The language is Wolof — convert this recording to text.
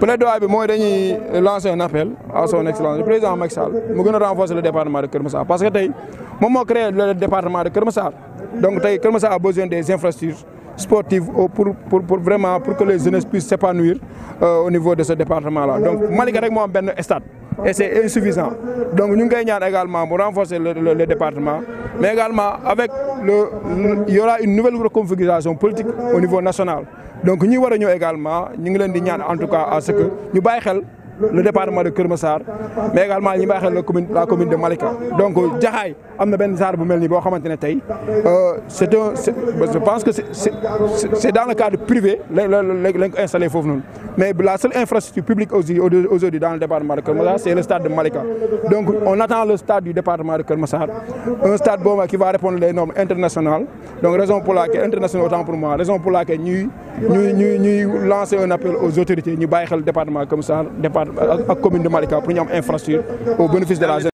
plaidoyer bi mooy dañuy lancer un appel à son excellence président Macky Sall mu gën a le département de Kër parce que tey moom moo le département de Kër donc tey Kër a besoin des infrastructures sportives pour pour pour vraiment pour que les jeunes puissent s'épanouir euh, au niveau de ce département là donc Malika rek moo am benn stade et c'est insuffisant donc ñu ngi koy ñaan également mu renforcer le le département mais également avec le il national. donc ñi war a ñëw également ñu ngi leen di ñaan en tout cas à ce que ñu bàyyi xel le département de Kër Massar mais également ñu bàyyi xel la commune de Malika. donc Jaxaay am na benn genre bu mel boo xamante ne tey euh, c' est un je pense que c' est c' est dans le cadre privé la la foofu noonu. mais la seule infrastructure publique aujourd'hui dans le département de Kër c'est le stade de Malika donc on attend le stade du département de Kër un stade ñuy ñuy ñuy lancer un appel aux autorités ñu bàyyi xel département comme ça départ ak commune de Malika pour ñu infrastructure au bénéfice de la